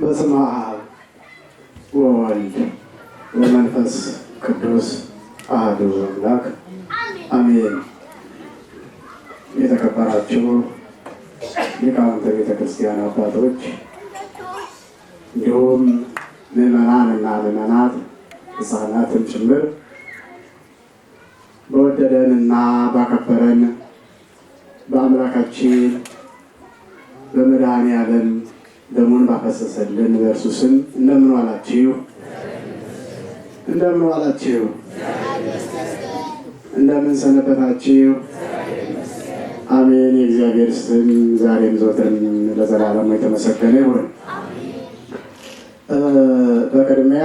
በስመ አብ ወወልድ ወመንፈስ ቅዱስ አሐዱ አምላክ አሜን። የተከበራችሁ ሊቃውንተ ቤተ ክርስቲያን አባቶች እንዲሁም ምዕመናን እና ምዕመናት ሕፃናትን ጭምር በወደደን እና ባከበረን በአምላካችን በመድኃኔ ዓለም ደሙን ባፈሰሰልን በእርሱ ስም እንደምን ዋላችሁ? እንደምን ዋላችሁ? እንደምን ሰነበታችሁ? አሜን። የእግዚአብሔር ስም ዛሬም ዘወትርም ለዘላለሙ የተመሰገነ ይሁን። በቅድሚያ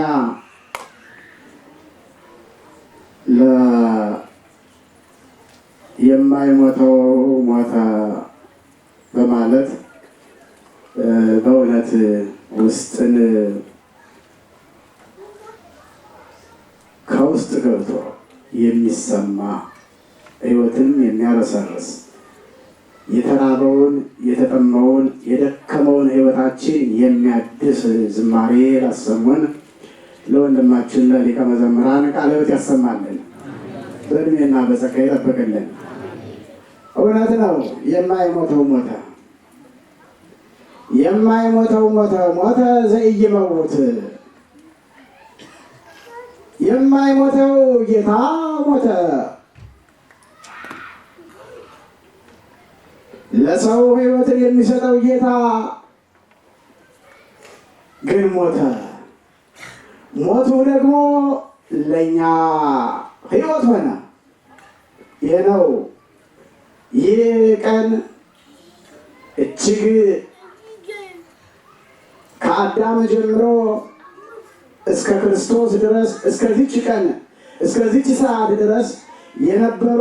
የማይሞተው ሞተ በማለት በእውነት ውስጥን ከውስጥ ገብቶ የሚሰማ ህይወትን የሚያረሰርስ የተራበውን የተጠማውን የደከመውን ህይወታችን የሚያድስ ዝማሬ ላሰሙን ለወንድማችን ለሊቀ መዘምራን ቃለ ሕይወት ያሰማልን፣ በእድሜና በጸጋ ይጠብቅልን። እውነት ነው የማይሞተው ሞተ የማይሞተው ሞተ ሞተ ዘኢይመውት የማይሞተው ጌታ ሞተ። ለሰው ሕይወትን የሚሰጠው ጌታ ግን ሞተ። ሞቱ ደግሞ ለእኛ ሕይወት ሆነ። ይህ ነው ይህ ቀን እጅግ ከአዳም ጀምሮ እስከ ክርስቶስ ድረስ እስከዚች ቀን እስከዚች ሰዓት ድረስ የነበሩ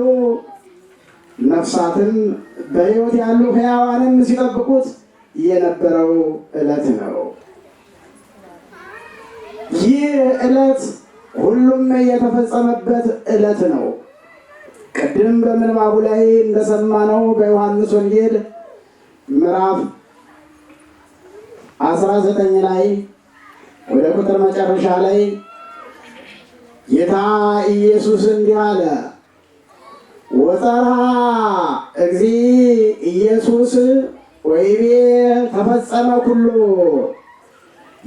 ነፍሳትን በሕይወት ያሉ ሕያዋንም ሲጠብቁት የነበረው ዕለት ነው። ይህ ዕለት ሁሉም የተፈጸመበት ዕለት ነው። ቅድም በምንባቡ ላይ እንደሰማነው በዮሐንስ ወንጌል ምዕራፍ አስራ ዘጠኝ ላይ ወደ ቁጥር መጨረሻ ላይ ጌታ ኢየሱስ እንዲህ አለ፣ ወጠራ እግዚ ኢየሱስ ወይቤ ተፈጸመ ኩሉ።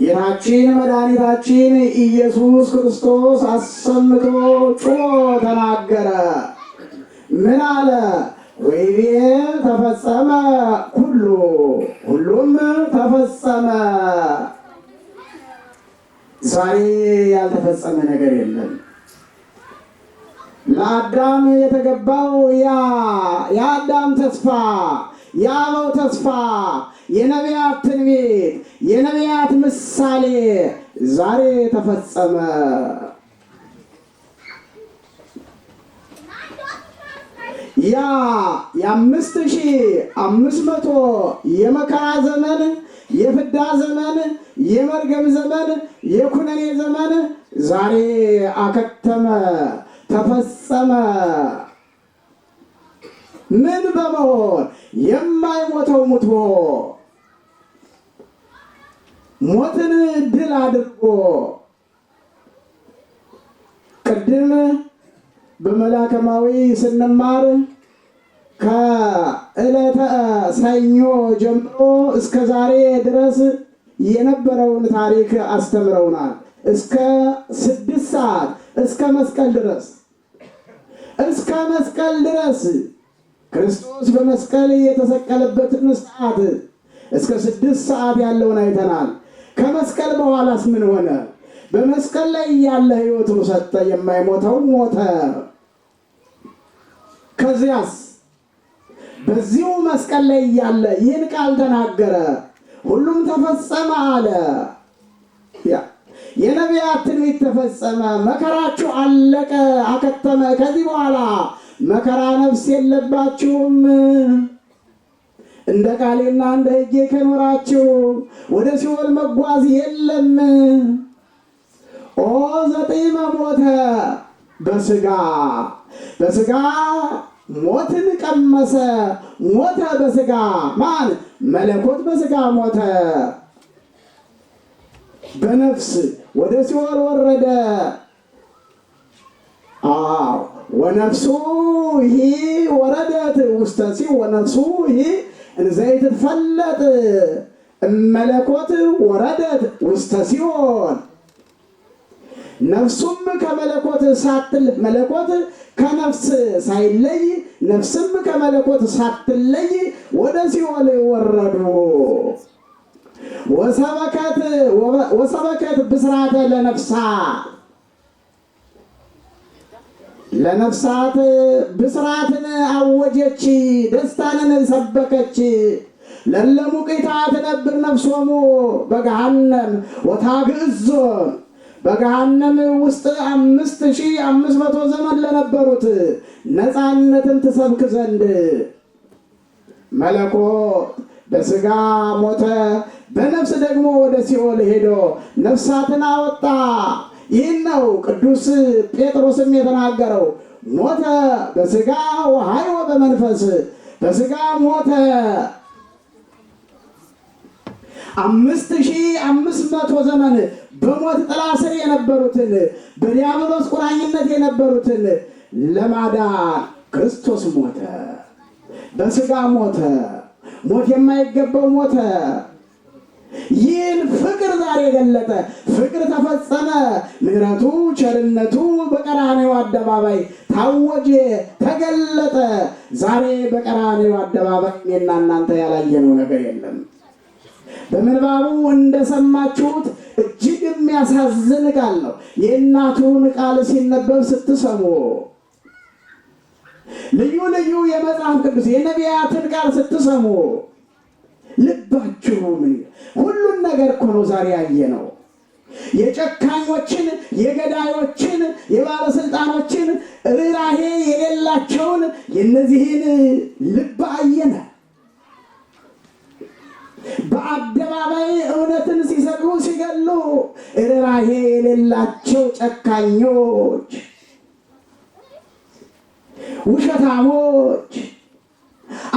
ጌታችን መድኃኒታችን ኢየሱስ ክርስቶስ አሰምቶ ጩሞ ተናገረ። ምን አለ? ወይቤ ተፈጸመ ሁሉ ሁሉም ተፈጸመ። ዛሬ ያልተፈጸመ ነገር የለም። ለአዳም የተገባው ያ የአዳም ተስፋ የአበው ተስፋ የነቢያት ትንቢት የነቢያት ምሳሌ ዛሬ ተፈጸመ። ያ የአምስት ሺህ አምስት መቶ የመከራ ዘመን የፍዳ ዘመን የመርገም ዘመን የኩነኔ ዘመን ዛሬ አከተመ ተፈጸመ። ምን በመሆን የማይሞተው ሙቶ ሞትን ድል አድርጎ ቅድም በመላከማዊ ስንማር ከዕለተ ሰኞ ጀምሮ እስከ ዛሬ ድረስ የነበረውን ታሪክ አስተምረውናል። እስከ ስድስት ሰዓት እስከ መስቀል ድረስ እስከ መስቀል ድረስ ክርስቶስ በመስቀል የተሰቀለበትን ሰዓት እስከ ስድስት ሰዓት ያለውን አይተናል። ከመስቀል በኋላስ ምን ሆነ? በመስቀል ላይ ያለ ሕይወቱን ሰጠ። የማይሞተው ሞተ። ከዚያስ በዚሁ መስቀል ላይ እያለ ይህን ቃል ተናገረ፣ ሁሉም ተፈጸመ አለ። የነቢያት ትንቢት ተፈጸመ፣ መከራችሁ አለቀ፣ አከተመ። ከዚህ በኋላ መከራ ነፍስ የለባችሁም እንደ ቃሌና እንደ ሕጌ ከኖራችሁ ወደ ሲኦል መጓዝ የለም። ኦ ዘጠኝ መሞተ በስጋ በስጋ ሞትን ቀመሰ ሞተ በስጋ ማን መለኮት በስጋ ሞተ በነፍስ ወደ ሲኦል ወረደ አዎ ወነፍሱ ይሂ ወረደት ውስተ ሲ ወነፍሱ ይሂ እንዘይትፈለጥ መለኮት ወረደት ውስተ ሲኦል ነፍሱም ከመለኮት ሳትል መለኮት ከነፍስ ሳይለይ ነፍስም ከመለኮት ሳትለይ ወደ ሲኦል ወረዱ። ወሰበከት ብስራተ ለነፍሳ ለነፍሳት ብስራትን አወጀች፣ ደስታንን ሰበከች። ለለሙቂታ ትነብር ነፍሶሙ በገሃነም ወታግዕዞ በገሃነም ውስጥ አምስት ሺህ አምስት መቶ ዘመን ለነበሩት ነፃነትን ትሰብክ ዘንድ መለኮት በስጋ ሞተ፣ በነፍስ ደግሞ ወደ ሲኦል ሄዶ ነፍሳትን አወጣ። ይህን ነው ቅዱስ ጴጥሮስም የተናገረው። ሞተ በስጋ ወሐይወ በመንፈስ በስጋ ሞተ አምስት ሺህ አምስት መቶ ዘመን በሞት ጥላ ስር የነበሩትን በዲያብሎስ ቁራኝነት የነበሩትን ለማዳን ክርስቶስ ሞተ። በስጋ ሞተ። ሞት የማይገባው ሞተ። ይህን ፍቅር ዛሬ የገለጠ ፍቅር ተፈጸመ። ምሕረቱ ቸርነቱ በቀራኔው አደባባይ ታወጀ፣ ተገለጠ። ዛሬ በቀራኔው አደባባይ እኔና እናንተ ያላየነው ነገር የለም። በምንባቡ እንደሰማችሁት እጅግ የሚያሳዝን ቃል ነው። የእናቱን ቃል ሲነበብ ስትሰሙ ልዩ ልዩ የመጽሐፍ ቅዱስ የነቢያትን ቃል ስትሰሙ ልባችሁ ምን ሁሉን ነገር እኮ ነው ዛሬ ያየ ነው። የጨካኞችን፣ የገዳዮችን፣ የባለስልጣኖችን ርኅራሄ የሌላቸውን የእነዚህን ልብ አየነ። በአደባባይ እውነትን ሲሰቅሉ ሲገሉ ርኅራኄ የሌላቸው ጨካኞች፣ ውሸታሞች፣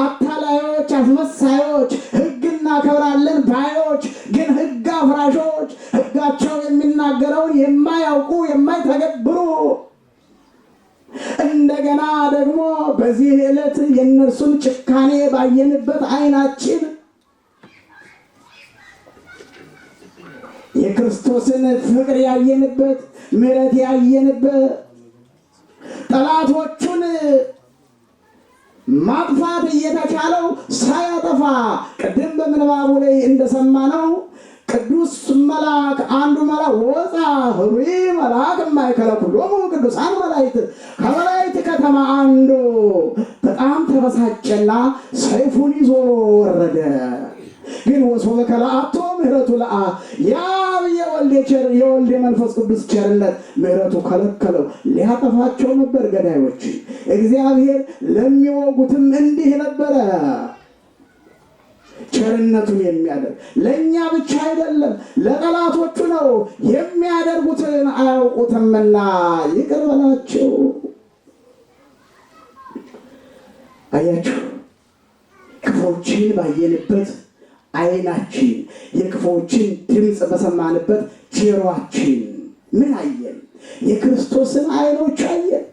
አታላዮች፣ አስመሳዮች፣ ሕግ እናከብራለን ባዮች ግን ሕግ አፍራሾች፣ ሕጋቸው የሚናገረውን የማያውቁ የማይተገብሩ እንደገና ደግሞ በዚህ ዕለት የእነርሱን ጭካኔ ባየንበት ዓይናችን የክርስቶስን ፍቅር ያየንበት ምሕረት ያየንበት ጠላቶቹን ማጥፋት እየተቻለው ሳያጠፋ ቅድም በምንባቡ ላይ እንደሰማነው ቅዱስ መልአክ አንዱ መልአክ ወፃ ህሩይ መልአክ ማይከለ ቅዱሳን መላእክት ከመላእክት ከተማ አንዱ በጣም ተበሳጨና ሰይፉን ይዞ ወረደ። ግን ወሶበከ ለአቶ ምህረቱ ለአ ያ የቸር የወልድ የመንፈስ ቅዱስ ቸርነት ምሕረቱ ከለከለው። ሊያጠፋቸው ነበር ገዳዮች። እግዚአብሔር ለሚወጉትም እንዲህ ነበረ ቸርነቱን የሚያደርግ ለእኛ ብቻ አይደለም፣ ለጠላቶቹ ነው። የሚያደርጉትን አያውቁትምና ይቅር በላቸው። አያችሁ ክፎችን ባየንበት አይናችን የክፉዎችን ድምፅ በሰማንበት ጆሮአችን ምን አየን? የክርስቶስን አይኖች አየን።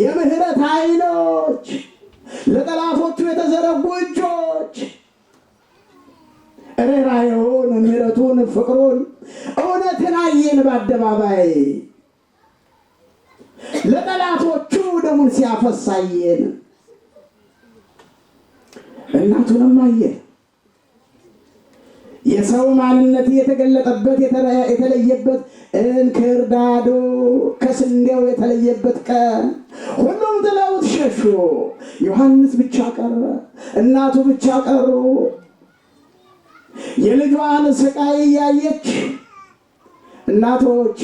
የምህረት አይኖች፣ ለጠላፎቹ የተዘረጉ እጆች፣ ርኅራኄውን፣ ምህረቱን፣ ፍቅሩን፣ እውነትን አየን በአደባባይ ለጠላቶቹ ደሙን ሲያፈሳየን እናቱንም አየን። የሰው ማንነት የተገለጠበት የተለየበት እንክርዳዶ ከስንዴው የተለየበት ቀን ሁሉም ጥለውት ሸሹ። ዮሐንስ ብቻ ቀረ፣ እናቱ ብቻ ቀሩ። የልጇን ስቃይ እያየች እናቶች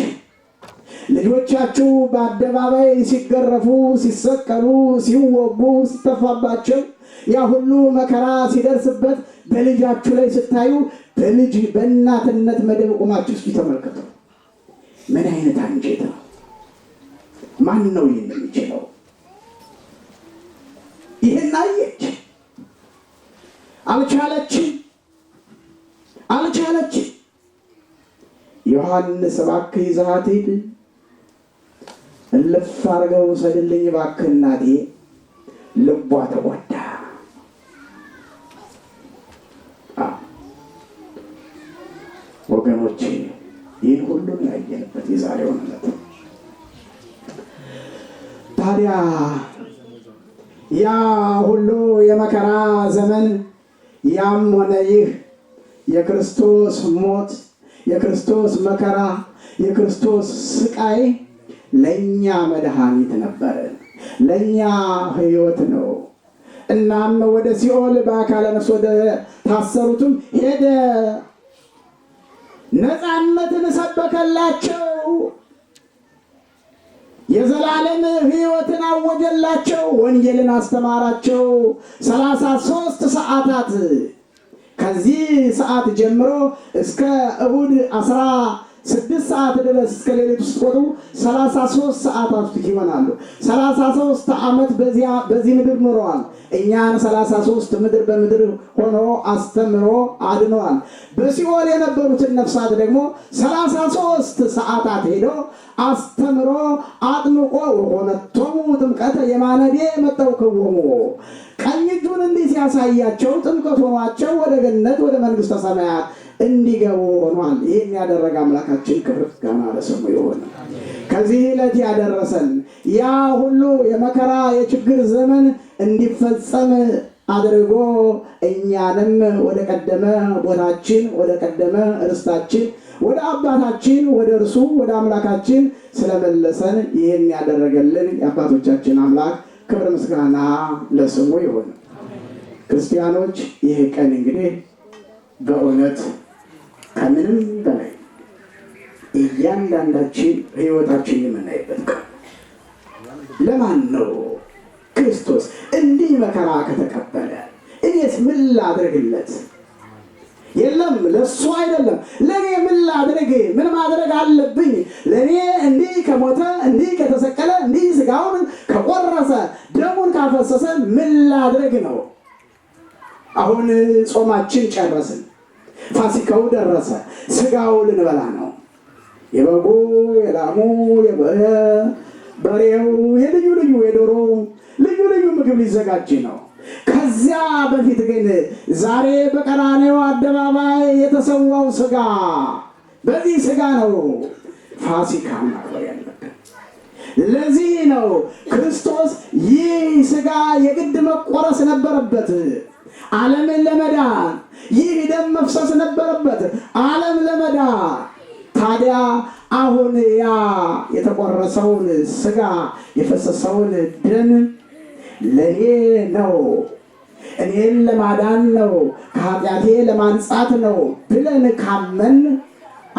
ልጆቻችሁ በአደባባይ ሲገረፉ፣ ሲሰቀሉ፣ ሲወጉ፣ ሲተፋባቸው ያ ሁሉ መከራ ሲደርስበት በልጃችሁ ላይ ስታዩ በልጅ በእናትነት መደብ ቁማችሁ እስኪ ተመልከቱ። ምን አይነት አንጀት ነው? ማን ነው ይህን የሚችለው? ይህን አየች። አልቻለችም፣ አልቻለችም። ዮሐንስ እባክህ ይዘሃት ሂድ፣ እልፍ አድርገው ውሰድልኝ እባክህ እናቴ። ልቧ ተጎዳ። ወገኖች ይህ ሁሉን ያየንበት የዛሬው ዕለት ታዲያ ያ ሁሉ የመከራ ዘመን ያም ሆነ ይህ የክርስቶስ ሞት፣ የክርስቶስ መከራ፣ የክርስቶስ ስቃይ ለእኛ መድኃኒት ነበር፣ ለእኛ ሕይወት ነው። እናም ወደ ሲኦል በአካለ ነፍስ ወደ ታሰሩትም ሄደ። ነፃነትን ሰበከላቸው፣ የዘላለም ሕይወትን አወጀላቸው፣ ወንጌልን አስተማራቸው ሰላሳ ሦስት ሰዓታት ከዚህ ሰዓት ጀምሮ እስከ እሁድ አስራ ስድስት ሰዓት ድረስ እስከ ውስጥ ስትቆጡ ሰላሳ ሶስት ሰዓታት ይሆናሉ። ሰላሳ ሶስት ዓመት በዚህ ምድር ኑረዋል። እኛን ሰላሳ ሶስት ምድር በምድር ሆኖ አስተምሮ አድነዋል። በሲኦል የነበሩትን ነፍሳት ደግሞ ሰላሳ ሶስት ሰዓታት ሄዶ አስተምሮ አጥምቆ ወኮነቶሙ ጥምቀተ የማነዴ የመጠው ክወሙ ቀኝ እጁን እንዲህ ሲያሳያቸው ጥምቀት ሆኗቸው ወደ ገነት ወደ መንግሥተ ሰማያት እንዲገቡ ሆኗል። ይህን ያደረገ አምላካችን ክብር ምስጋና ለስሙ ይሁን። ከዚህ ዕለት ያደረሰን ያ ሁሉ የመከራ የችግር ዘመን እንዲፈጸም አድርጎ እኛንም ወደ ቀደመ ቦታችን ወደ ቀደመ ርስታችን ወደ አባታችን ወደ እርሱ ወደ አምላካችን ስለመለሰን ይህን ያደረገልን የአባቶቻችን አምላክ ክብር ምስጋና ለስሙ ይሁን። ክርስቲያኖች ይህ ቀን እንግዲህ በእውነት ከምንም በላይ እያንዳንዳችን ህይወታችን የምናይበት ለማን ነው? ክርስቶስ እንዲህ መከራ ከተቀበለ እኔስ ምን ላድርግለት? የለም ለሱ አይደለም፣ ለእኔ ምን ላድርግ? ምን ማድረግ አለብኝ? ለእኔ እንዲህ ከሞተ እንዲህ ከተሰቀለ እንዲህ ስጋውን ከቆረሰ ደሙን ካፈሰሰ ምን ላድርግ ነው? አሁን ጾማችን ጨረስን። ፋሲካው ደረሰ። ስጋው ልንበላ ነው። የበጉ፣ የላሙ፣ የበሬው፣ የልዩ ልዩ የዶሮ ልዩ ልዩ ምግብ ሊዘጋጅ ነው። ከዚያ በፊት ግን ዛሬ በቀራኔው አደባባይ የተሰዋው ስጋ በዚህ ስጋ ነው ፋሲካ ለዚህ ነው ክርስቶስ ይህ ስጋ የግድ መቆረስ ነበረበት። ዓለምን ለመዳን ይህ ደም መፍሰስ ነበረበት፣ ዓለም ለመዳን ታዲያ አሁን ያ የተቆረሰውን ስጋ የፈሰሰውን ደም ለእኔ ነው፣ እኔን ለማዳን ነው፣ ከኃጢአቴ ለማንጻት ነው ብለን ካመን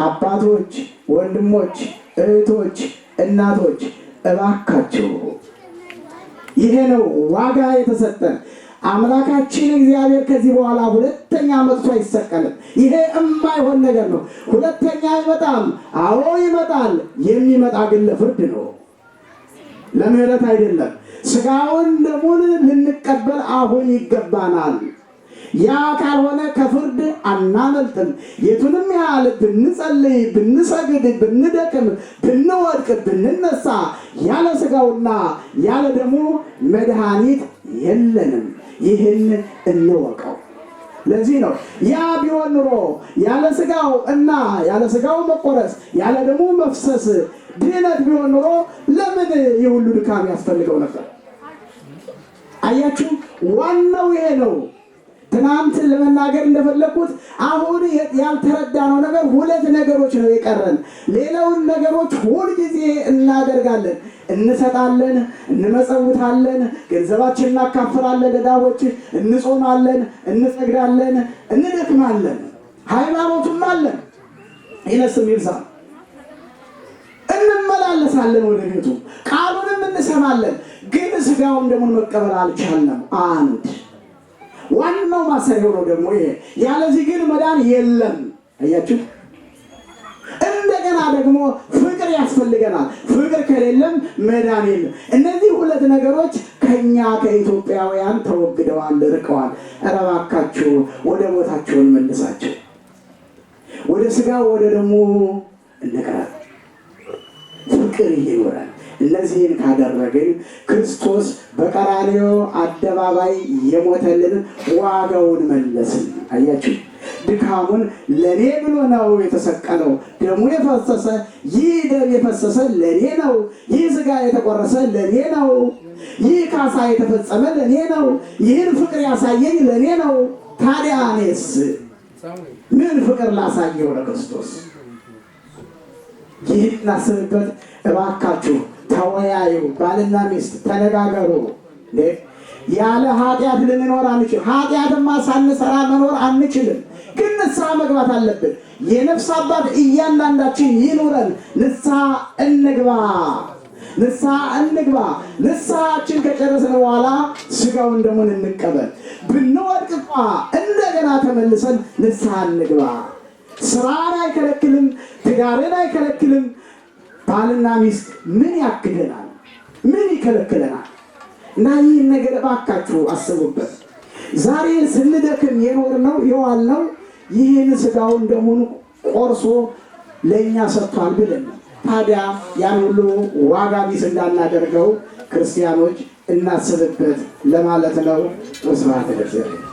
አባቶች፣ ወንድሞች፣ እህቶች፣ እናቶች እባካቸው ይሄ ነው ዋጋ የተሰጠን። አምላካችን እግዚአብሔር ከዚህ በኋላ ሁለተኛ መጥቶ አይሰቀልም። ይሄ እማይሆን ነገር ነው። ሁለተኛ አይመጣም። አዎ ይመጣል። የሚመጣ ግን ለፍርድ ነው፣ ለምህረት አይደለም። ስጋውን ደሙን ልንቀበል አሁን ይገባናል። ያ ካልሆነ ከፍርድ አናመልጥም። የቱንም ያህል ብንጸልይ፣ ብንሰግድ፣ ብንደክም፣ ብንወድቅ፣ ብንነሳ ያለ ስጋውና ያለ ደሙ መድኃኒት የለንም። ይህን እንወቀው። ለዚህ ነው ያ ቢሆን ኑሮ ያለ ስጋው እና ያለ ስጋው መቆረስ ያለ ደሙ መፍሰስ ድህነት ቢሆን ኑሮ ለምን የሁሉ ድካም ያስፈልገው ነበር? አያችሁ፣ ዋናው ይሄ ነው። ትናንት ለመናገር እንደፈለግኩት አሁን ያልተረዳነው ነገር ሁለት ነገሮች ነው የቀረን። ሌላውን ነገሮች ሁልጊዜ እናደርጋለን፣ እንሰጣለን፣ እንመጸውታለን፣ ገንዘባችን እናካፍላለን፣ ዕዳዎች እንጾማለን፣ እንጸግዳለን፣ እንደክማለን፣ ሃይማኖቱም አለን፣ ይነስም ይብዛ እንመላለሳለን፣ ወደ ቤቱ ቃሉንም እንሰማለን። ግን ስጋውን ደግሞ መቀበል አልቻልንም። አንድ ዋናው ማሳየው ነው ደግሞ ይሄ። ያለዚህ ግን መዳን የለም። አያችሁ። እንደገና ደግሞ ፍቅር ያስፈልገናል። ፍቅር ከሌለም መዳን የለም። እነዚህ ሁለት ነገሮች ከኛ ከኢትዮጵያውያን ተወግደዋል፣ ርቀዋል። እባካችሁ ወደ ቦታቸውን መልሳቸው። ወደ ስጋ ወደ ደግሞ እንቀራል። ፍቅር ይኖራል። እነዚህን ካደረግን ክርስቶስ በቀራንዮ አደባባይ የሞተልን ዋጋውን መለስን። አያችሁ፣ ድካሙን ለእኔ ብሎ ነው የተሰቀለው። ደሙ የፈሰሰ ይህ ደም የፈሰሰ ለእኔ ነው። ይህ ስጋ የተቆረሰ ለእኔ ነው። ይህ ካሳ የተፈጸመ ለእኔ ነው። ይህን ፍቅር ያሳየኝ ለእኔ ነው። ታዲያ እኔስ ምን ፍቅር ላሳየው ለክርስቶስ? ይህን እናስብበት እባካችሁ። ተወያዩ፣ ባልና ሚስት ተነጋገሩ። ያለ ኃጢአት ልንኖር አንችልም። ኃጢአትማ ሳንሰራ መኖር አንችልም። ግን ንስሐ መግባት አለብን። የነፍስ አባት እያንዳንዳችን ይኑረን። ንስሐ እንግባ፣ ንስሐ እንግባ። ንስሐችን ከጨረስን በኋላ ስጋውን ደሙን እንቀበል። ብንወድቅ እንኳ እንደገና ተመልሰን ንስሐ እንግባ። ስራን አይከለክልም፣ ትዳርን አይከለክልም። ባልና ሚስት ምን ያክደናል? ምን ይከለክለናል? እና ይህን ነገር እባካችሁ አስቡበት። ዛሬ ስንደክም የዋል ነው ይህን ስጋውን ደሙን ቆርሶ ለእኛ ሰጥቷል ብለን ታዲያ ያን ሁሉ ዋጋ ቢስ እንዳናደርገው ክርስቲያኖች እናስብበት ለማለት ነው። ስብሐት ለእግዚአብሔር።